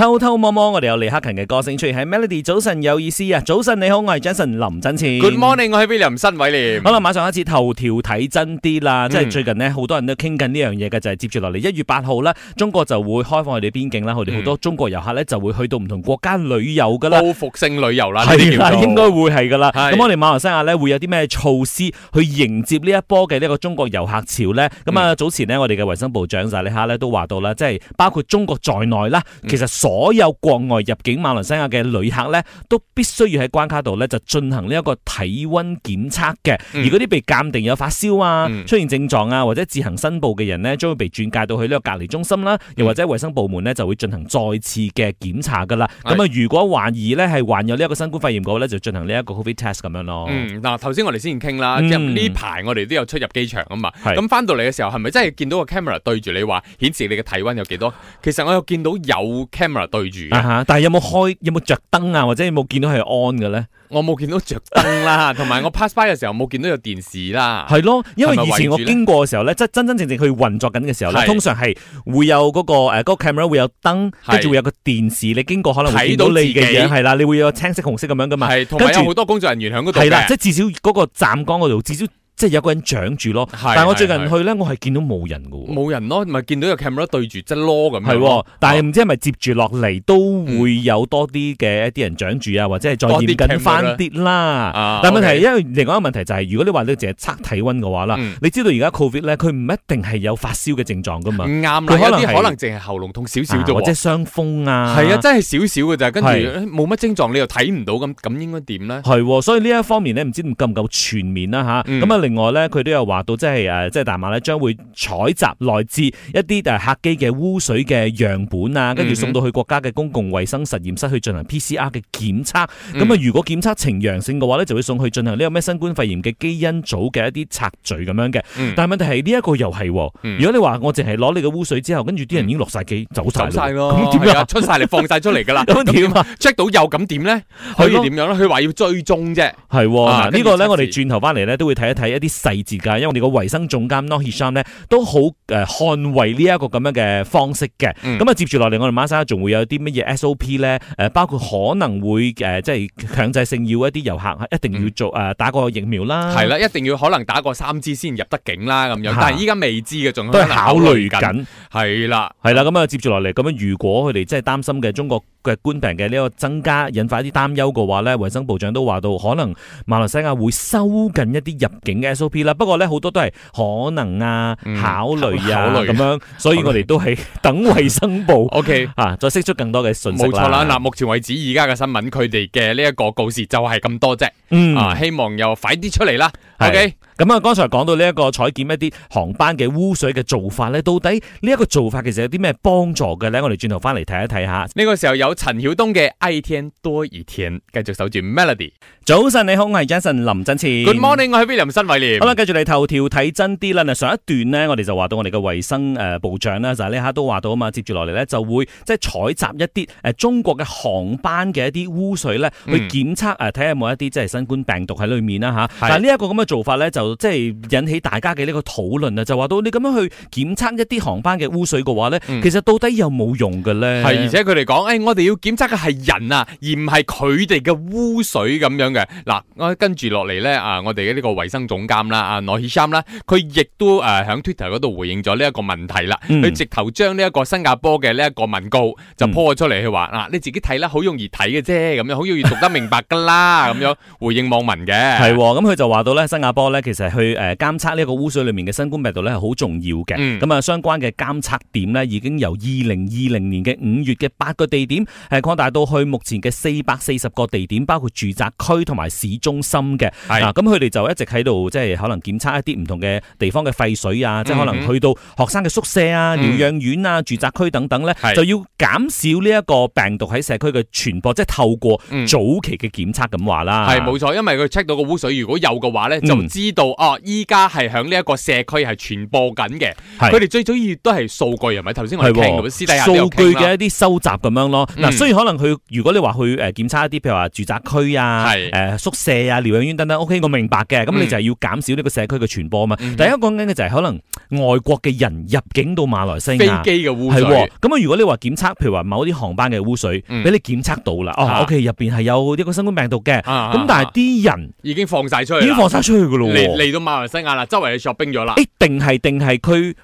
偷偷摸摸，我哋有李克勤嘅歌聲出現喺 Melody。早晨有意思啊，早晨你好，我係 Jason 林振前。Good morning，我係 William 新偉廉。好啦，馬上開始頭條睇真啲啦，嗯、即係最近呢，好多人都傾緊呢樣嘢嘅，就係、是、接住落嚟一月八號啦，中國就會開放我哋邊境啦，我哋好多中國遊客咧就會去到唔同國家旅遊噶啦。報復性旅遊啦，係啦，應該會係噶啦。咁的我哋馬來西亞咧會有啲咩措施去迎接呢一波嘅呢一個中國遊客潮咧？咁啊、嗯，早前呢，我哋嘅衛生部長薩利哈咧都話到啦，即係包括中國在內啦，其實、嗯所有國外入境馬來西亞嘅旅客咧，都必須要喺關卡度咧就進行呢一個體溫檢測嘅。而嗰啲被鑑定有發燒啊、嗯、出現症狀啊或者自行申報嘅人呢，將會被轉介到去呢個隔離中心啦、啊，又或者衛生部門呢，就會進行再次嘅檢查噶啦。咁啊、嗯，如果懷疑咧係患有呢一個新冠肺炎嘅話咧，就進行呢一個 COVID test 咁樣咯。嗱、嗯，啊，頭先我哋先傾啦，即係呢排、嗯、我哋都有出入機場啊嘛。係。咁翻到嚟嘅時候，係咪真係見到個 camera 對住你話顯示你嘅體溫有幾多？其實我又見到有 camera。對住啊哈！但係有冇開，有冇着燈啊？或者有冇見到係 on 嘅咧？我冇見到着燈啦，同埋我 pass by 嘅時候冇見到有電視啦。係咯，因為以前我經過嘅時候咧，即係真真正正佢運作緊嘅時候咧，通常係會有嗰個誒，嗰個 camera 會有燈，跟住會有個電視。你經過可能睇到你嘅嘢係啦，你會有青色紅色咁樣噶嘛？係，同埋有好多工作人員響嗰度。係啦，即係至少嗰個站崗嗰度至少。即係有個人長住咯，但係我最近去咧，我係見到冇人嘅喎，冇人咯，咪見到個 camera 對住即係攞咁樣。係，但係唔知係咪接住落嚟都會有多啲嘅一啲人長住啊，或者係再嚴格翻啲啦。但係問題因為另外一個問題就係，如果你話你淨係測體温嘅話啦，你知道而家 covid 咧，佢唔一定係有發燒嘅症狀㗎嘛。唔啱，佢可能可能淨係喉嚨痛少少或者傷風啊，係啊，真係少少嘅咋，跟住冇乜症狀，你又睇唔到咁，咁應該點咧？係，所以呢一方面咧，唔知夠唔夠全面啦嚇。咁啊，另。另外咧，佢都有話到，即係誒，即係大馬咧將會採集來自一啲誒客機嘅污水嘅樣本啊，跟住送到去國家嘅公共衞生實驗室去進行 PCR 嘅檢測。咁啊、嗯，如果檢測呈陽性嘅話咧，就會送去進行呢個咩新冠肺炎嘅基因組嘅一啲測序咁樣嘅。但係問題係呢一個又係，如果你話我淨係攞你嘅污水之後，跟住啲人已經落晒機、嗯、走曬，咁點啊？出晒嚟放晒出嚟㗎啦！咁點啊？check 到又咁點咧？可以點樣咧？佢話要追蹤啫。係嗱，呢、啊、個咧，我哋轉頭翻嚟咧都會睇一睇啲細節噶，因為我哋個衛生總監 Noor Hisham 咧、oh、都好誒捍衛呢一個咁樣嘅方式嘅。咁啊、嗯，接住落嚟我哋馬莎仲會有啲乜嘢 SOP 咧？誒，包括可能會誒，即係強制性要一啲遊客一定要做誒、嗯、打個疫苗啦。係啦，一定要可能打過三支先入得境啦咁樣。但係依家未知嘅，仲、啊、都係考慮緊。係啦了，係啦，咁、嗯、啊接住落嚟咁樣，如果佢哋真係擔心嘅中國。嘅冠病嘅呢個增加，引發一啲擔憂嘅話咧，衛生部長都話到，可能馬來西亞會收緊一啲入境嘅 SOP 啦。不過咧，好多都係可能啊，嗯、考慮啊，考慮慮咁樣。所以我哋都係等衛生部，OK 慮啊，再釋出更多嘅信息冇錯啦。嗱，目前為止而家嘅新聞，佢哋嘅呢一個告示就係咁多啫。嗯，啊，希望又快啲出嚟啦。嗯、OK。咁啊，剛、嗯、才講到呢、這個、一個採檢一啲航班嘅污水嘅做法咧，到底呢一個做法其實有啲咩幫助嘅咧？我哋轉頭翻嚟睇一睇吓。呢個時候有陳曉東嘅《愛天多一天》，繼續守住 Melody。早晨，你好，我係 Jason 林振前。Good morning，我係 William 新偉廉。好啦，繼、嗯、續嚟頭條睇真啲啦。上一段呢，我哋就話到我哋嘅衛生誒部長啦，就係呢刻都話到啊嘛。接住落嚟咧，就會即係採集一啲誒中國嘅航班嘅一啲污水咧，嗯、去檢測誒，睇下冇一啲即係新冠病毒喺裏面啦吓。是但呢一個咁嘅做法咧，就即係引起大家嘅呢個討論啊，就話到你咁樣去檢測一啲航班嘅污水嘅話咧，嗯、其實到底有冇用嘅咧？係，而且佢哋講，誒、哎，我哋要檢測嘅係人啊，而唔係佢哋嘅污水咁樣嘅。嗱，我跟住落嚟咧啊，我哋嘅呢個衛生總監啦，啊，諾希山啦，佢亦都誒響、啊、Twitter 嗰度回應咗呢一個問題啦。佢、嗯、直頭將呢一個新加坡嘅呢一個文告就 po 咗出嚟去話，嗱、嗯啊，你自己睇啦，好容易睇嘅啫，咁樣好容易讀得明白噶啦，咁 樣回應網民嘅。係、哦，咁佢就話到咧，新加坡咧其實。就去誒監測呢個污水裏面嘅新冠病毒咧，係好重要嘅。咁啊，相關嘅監測點咧，已經由二零二零年嘅五月嘅八個地點係擴大到去目前嘅四百四十個地點，包括住宅區同埋市中心嘅。係啊，咁佢哋就一直喺度，即係可能檢測一啲唔同嘅地方嘅廢水啊，嗯、即係可能去到學生嘅宿舍啊、療養院啊、嗯、住宅區等等咧，就要減少呢一個病毒喺社區嘅傳播，即係透過早期嘅檢測，咁話啦。係冇錯，因為佢 check 到個污水如果有嘅話咧，就知道。嗯到哦，依家係響呢一個社區係傳播緊嘅。佢哋最主要都係數據，係咪頭先我哋咁？私數據嘅一啲收集咁樣咯。嗱，雖然可能佢，如果你話去誒檢測一啲，譬如話住宅區啊、誒宿舍啊、療養院等等。O K，我明白嘅。咁你就係要減少呢個社區嘅傳播啊嘛。第一個講緊嘅就係可能外國嘅人入境到馬來西亞飛機嘅污水。係咁啊，如果你話檢測，譬如話某啲航班嘅污水俾你檢測到啦，O K，入邊係有呢個新冠病毒嘅。啊。咁但係啲人已經放晒出去。已經放晒出去㗎咯。嚟到馬來西亞啦，周圍去削冰咗啦，一定係定係佢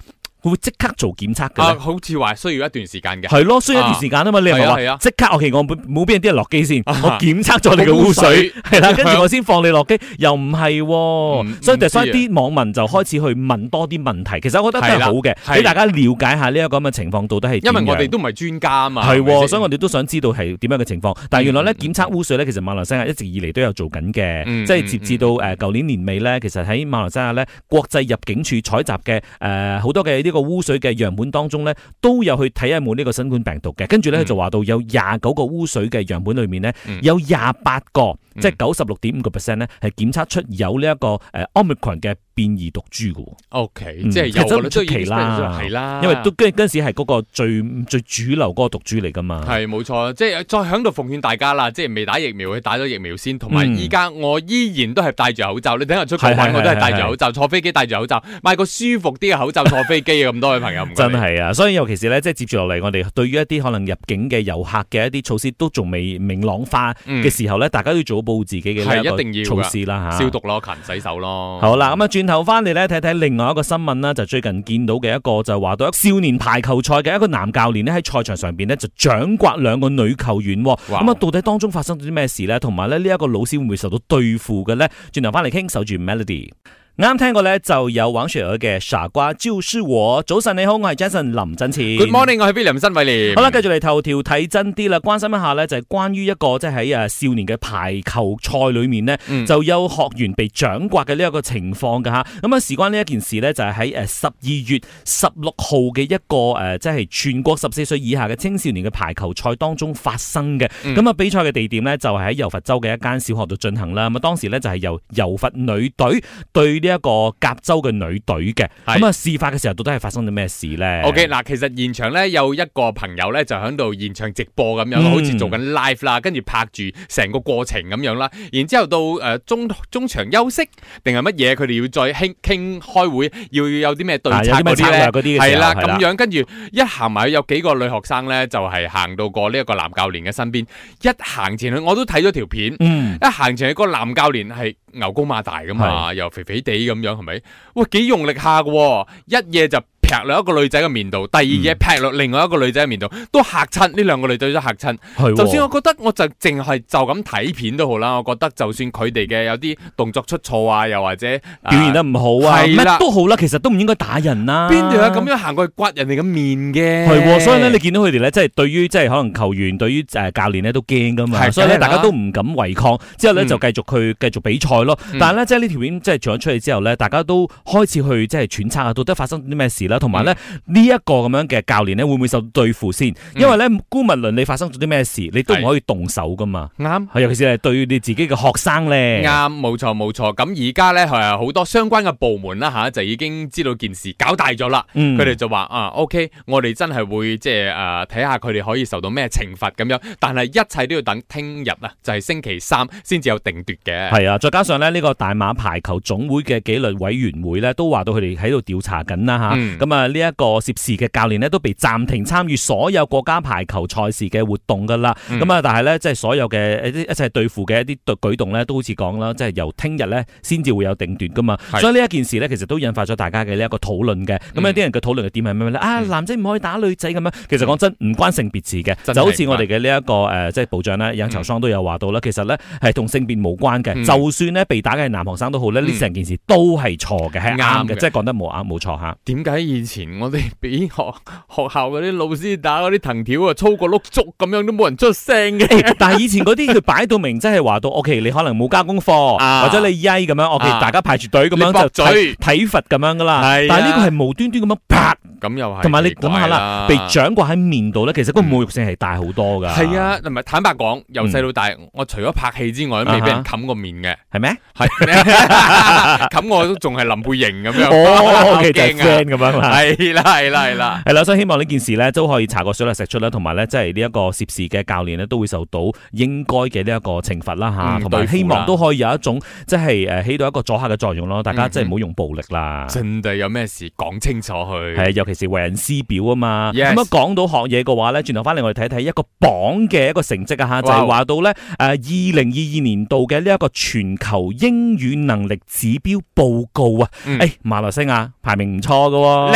會即刻做檢測㗎？好似話需要一段時間嘅。係咯，需要一段時間啊嘛！你係話即刻？我其實我冇俾人啲人落機先，我檢測咗你嘅污水，跟住我先放你落機。又唔係，所以就所以啲網民就開始去問多啲問題。其實我覺得都係好嘅，俾大家了解下呢一個咁嘅情況到底係點樣。因為我哋都唔係專家啊嘛，係，所以我哋都想知道係點樣嘅情況。但係原來咧，檢測污水咧，其實馬來西亞一直以嚟都有做緊嘅，即係截至到誒舊年年尾咧，其實喺馬來西亞咧，國際入境處採集嘅誒好多嘅呢個污水嘅樣本當中咧，都有去睇下有冇呢個新冠病毒嘅，跟住咧就話到有廿九個污水嘅樣本裏面咧，有廿八個，即係九十六點五個 percent 咧，係檢測出有呢一個誒 omicron 嘅變異毒株嘅。O K，即係有出奇啦，係啦，因為都跟跟時係嗰個最最主流嗰個毒株嚟噶嘛。係冇錯，即係再響度奉勸大家啦，即係未打疫苗去打咗疫苗先，同埋依家我依然都係戴住口罩。你等下出街玩，我都係戴住口罩，坐飛機戴住口罩，買個舒服啲嘅口罩坐飛機。咁多位朋友，嗯、真係啊！所以尤其是咧，即係接住落嚟，我哋對於一啲可能入境嘅遊客嘅一啲措施都仲未明朗化嘅時候咧，嗯、大家都要做好自己嘅係一定要措施啦吓，啊、消毒咯，勤洗手咯。好啦，咁啊轉頭翻嚟咧，睇睇另外一個新聞啦，就最近見到嘅一個就話到一個少年排球賽嘅一個男教練呢喺賽場上邊呢，就掌摑兩個女球員，咁啊哇到底當中發生咗啲咩事呢？同埋呢一個老師會唔會受到對付嘅呢？轉頭翻嚟傾，守住 Melody。啱聽過咧，就有玩雪嘅傻瓜就是我。早晨你好，我係 Jason 林振賜。Good morning，我係 Billy 林新偉。好啦，繼續嚟頭條睇真啲啦，關心一下呢，就係關於一個即係喺誒少年嘅排球賽裏面呢，就有學員被掌摑嘅呢一個情況嘅吓。咁啊，事關呢一件事呢，就係喺誒十二月十六號嘅一個誒，即係全國十四歲以下嘅青少年嘅排球賽當中發生嘅。咁啊、嗯，比賽嘅地點呢，就係喺猶佛州嘅一間小學度進行啦。咁啊，當時呢，就係由猶佛女隊對。呢一個甲州嘅女隊嘅，咁啊是，事發嘅時候到底係發生咗咩事咧？OK，嗱，其實現場咧有一個朋友咧就喺度現場直播咁樣，好似、嗯、做緊 live 啦，跟住拍住成個過程咁樣啦。然之後到誒中中場休息定係乜嘢？佢哋要再傾傾開會，要有啲咩對策嗰啲咧？係啦、啊，咁樣跟住一行埋去，有幾個女學生咧就係行到過呢一個男教練嘅身邊，一行前去，我都睇咗條片，嗯、一行前去嗰、那個男教練係。牛高馬大咁嘛，是又肥肥哋咁樣，係咪？哇，幾用力下嘅，一夜就～劈落一個女仔嘅面度，第二嘢劈落另外一個女仔嘅面度，都嚇親呢兩個女仔都嚇親。哦、就算我覺得我就淨係就咁睇片都好啦，我覺得就算佢哋嘅有啲動作出錯啊，又或者表現得唔好啊，乜了都好啦，其實都唔應該打人啦、啊。邊度有咁樣行過去刮人哋嘅面嘅？係喎。所以咧你見到佢哋咧，即、就、係、是、對於即係可能球員對於誒教練呢都驚噶嘛。對所以咧大家都唔敢違抗，之後呢，就繼續去繼、嗯、續比賽咯。嗯、但係咧即係呢條片即係傳咗出嚟之後呢，大家都開始去即係揣測下到底發生啲咩事啦？同埋咧呢一、嗯、個咁樣嘅教練咧，會唔會受到對付先？因為咧、嗯、姑勿論，你發生咗啲咩事，你都唔可以動手噶嘛。啱對，尤其是係對你自己嘅學生咧。啱，冇錯冇錯。咁而家咧係好多相關嘅部門啦、啊，吓就已經知道件事搞大咗啦。佢哋、嗯、就話啊，OK，我哋真係會即係誒睇下佢哋可以受到咩懲罰咁樣。但係一切都要等聽日啊，就係、是、星期三先至有定奪嘅。係啊，再加上咧呢、這個大馬排球總會嘅紀律委員會咧，都話到佢哋喺度調查緊啦吓。嗯咁啊，呢一個涉事嘅教練咧，都被暫停參與所有國家排球賽事嘅活動噶啦。咁啊，但係咧，即係所有嘅一啲一切對付嘅一啲舉動咧，都好似講啦，即係由聽日咧先至會有定奪噶嘛。所以呢一件事咧，其實都引發咗大家嘅呢一個討論嘅。咁有啲人嘅討論嘅點係咩咧？啊，男仔唔可以打女仔咁樣。其實講真，唔關性別事嘅。就好似我哋嘅呢一個誒，即係部長咧，楊籌雙都有話到啦。其實咧係同性別無關嘅。就算咧被打嘅係男學生都好呢，呢成件事都係錯嘅，係啱嘅，即係講得冇啱冇錯嚇。點解？以前我哋俾學學校嗰啲老師打嗰啲藤條啊粗過碌竹咁樣都冇人出聲嘅，但係以前嗰啲佢擺到明，真係話到，O K 你可能冇交功課或者你曳咁樣，O K 大家排住隊咁樣就體罰咁樣噶啦。係，但係呢個係無端端咁樣拍。咁又啊，同埋你諗下啦，被掌摑喺面度咧，其實個侮辱性係大好多噶。係啊，唔係坦白講，由細到大我除咗拍戲之外，都未俾人冚過面嘅，係咩？係冚我都仲係林背型咁樣，我驚啊咁樣。係啦，係啦， 係啦，係啦，所以希望呢件事咧都可以查個水落石出啦，同埋咧即係呢一個涉事嘅教練咧都會受到應該嘅呢一個懲罰啦吓，同埋希望都可以有一種即係誒起到一個阻嚇嘅作用咯，大家即係唔好用暴力啦，真係有咩事講清楚去，係，尤其是為人師表啊嘛，咁樣講到學嘢嘅話咧，轉頭翻嚟我哋睇睇一個榜嘅一個成績啊吓，就係、是、話到咧誒二零二二年度嘅呢一個全球英語能力指標報告啊，誒、嗯哎、馬來西亞排名唔錯喎。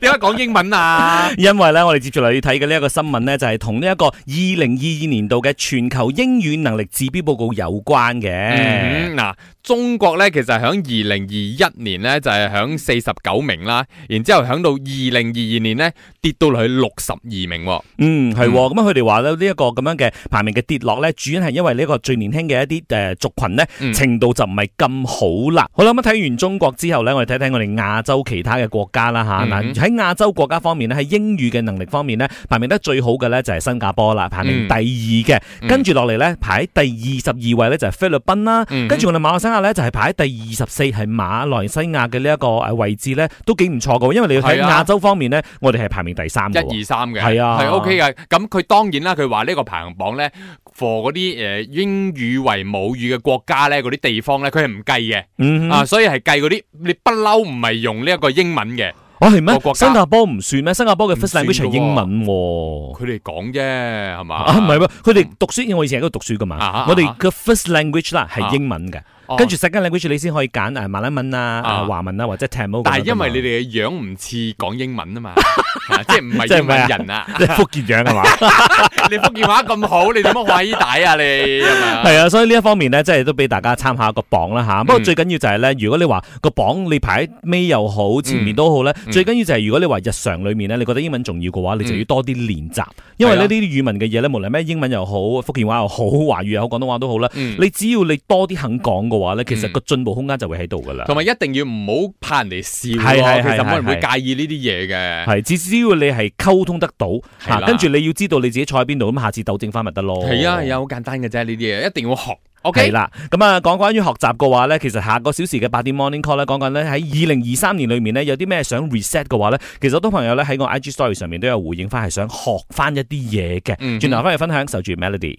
點解講英文啊？ 因為咧，我哋接住嚟要睇嘅呢一個新聞呢，就係同呢一個二零二二年度嘅全球英語能力指標報告有關嘅、嗯。嗱、嗯啊，中國呢，其實響二零二一年呢，就係響四十九名啦，然之後響到二零二二年呢，跌到落去六十二名。嗯，係咁佢哋話咧呢一個咁樣嘅排名嘅跌落呢，主要係因為呢一個最年輕嘅一啲誒族群呢，嗯、程度就唔係咁好啦。好啦，咁睇完中國之後呢，我哋睇睇我哋亞洲其他嘅國家啦吓。嗯嗯喺亞洲國家方面咧，喺英語嘅能力方面咧，排名得最好嘅咧就係新加坡啦。排名第二嘅、嗯，跟住落嚟咧排喺第二十二位咧就係菲律賓啦、嗯哼。跟住我哋馬來西亞咧就係排喺第二十四，係馬來西亞嘅呢一個誒位置咧都幾唔錯噶。因為你要睇亞洲方面咧，我哋係排名第三，一二三嘅係啊，係、啊、OK 嘅。咁佢當然啦，佢話呢個排行榜咧 for 嗰啲誒英語為母語嘅國家咧，嗰啲地方咧、嗯哼，佢係唔計嘅啊，所以係計嗰啲你不嬲唔係用呢一個英文嘅。新加坡唔算咩？新加坡嘅 first language 係英文喎，佢哋講啫係嘛。啊，唔係喎，佢哋讀書，我以前喺度讀書噶嘛，我哋嘅 first language 啦，係英文嘅，跟住 second language 你先可以揀誒馬來文、啊、啊、華文啊或者 Tamil。但係因為你哋嘅樣唔似講英文啊嘛 即係唔係英文人啊，係唔係啊？就係、福建樣係嘛？ 吧 你福建話咁好，你點乜學大啊？你係啊，所以呢一方面咧，即係都俾大家參考一個榜啦吓。啊嗯、不過最緊要就係咧，如果你話個榜你排喺尾又好，前面都好咧，嗯、最緊要就係如果你話日常裏面咧，你覺得英文重要嘅話，你就要多啲練習。因為呢啲語文嘅嘢咧，無論咩英文又好，福建話又好，華語又好，廣東話都好啦。嗯、你只要你多啲肯講嘅話咧，其實個進步空間就會喺度噶啦。同埋一定要唔好怕人哋笑咯。其實冇人會介意呢啲嘢嘅。係。只要你係溝通得到，吓跟住你要知道你自己坐喺邊度，咁下次糾正翻咪得咯。係啊，有好簡單嘅啫，呢啲嘢一定要學。OK，啦，咁、嗯、啊，講關於學習嘅話咧，其實下個小時嘅八點 Morning Call 咧，講緊咧喺二零二三年裏面咧，有啲咩想 reset 嘅話咧，其實好多朋友咧喺我 IG Story 上面都有回應翻，係想學翻一啲嘢嘅。轉頭翻去分享，守住 Melody。